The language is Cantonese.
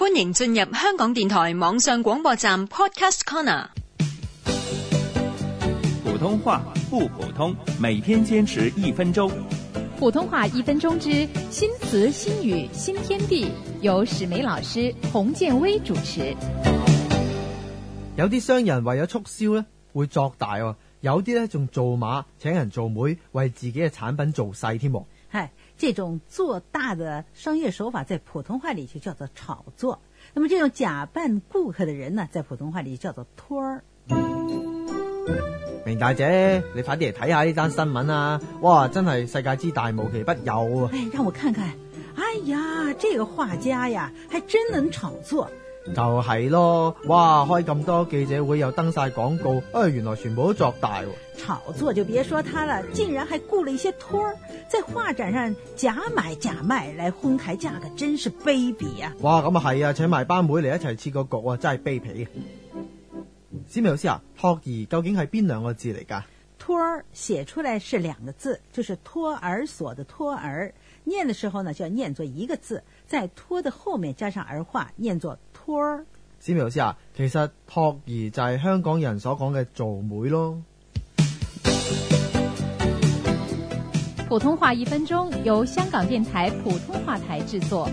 歡迎進入香港電台網上廣播站 Podcast Corner。普通話不普通，每天堅持一分鐘。普通話一分鐘之新詞新語新天地，由史梅老師、洪建威主持。有啲商人為咗促銷咧，會作大；有啲咧仲做馬，請人做妹，為自己嘅產品做勢添。哎，這種做大的商業手法在普通話裏就叫做炒作。那麼這種假扮顧客的人呢，在普通話裏叫做托兒。明大姐，你快啲嚟睇下呢單新聞啊！哇，真係世界之大，無奇不有啊！哎，讓我看看。哎呀，這個畫家呀，還真能炒作。就係咯，哇！開咁多記者會又登晒廣告，誒、哎，原來全部都作大喎。炒作就別說他了，竟然還僱了一些托兒，在畫展上假買假賣來哄抬價格，真是卑鄙啊！哇，咁啊係啊，請埋班妹嚟一齊設個局啊，真係卑鄙啊。史密老師啊，托兒究竟係邊兩個字嚟噶？托兒寫出來是兩個字，就是托兒所的托兒，念的時候呢就要念作一個字，在托的後面加上兒化，念作。史密老師啊，其實托兒就係香港人所講嘅做妹咯。普通話一分鐘，由香港電台普通話台製作。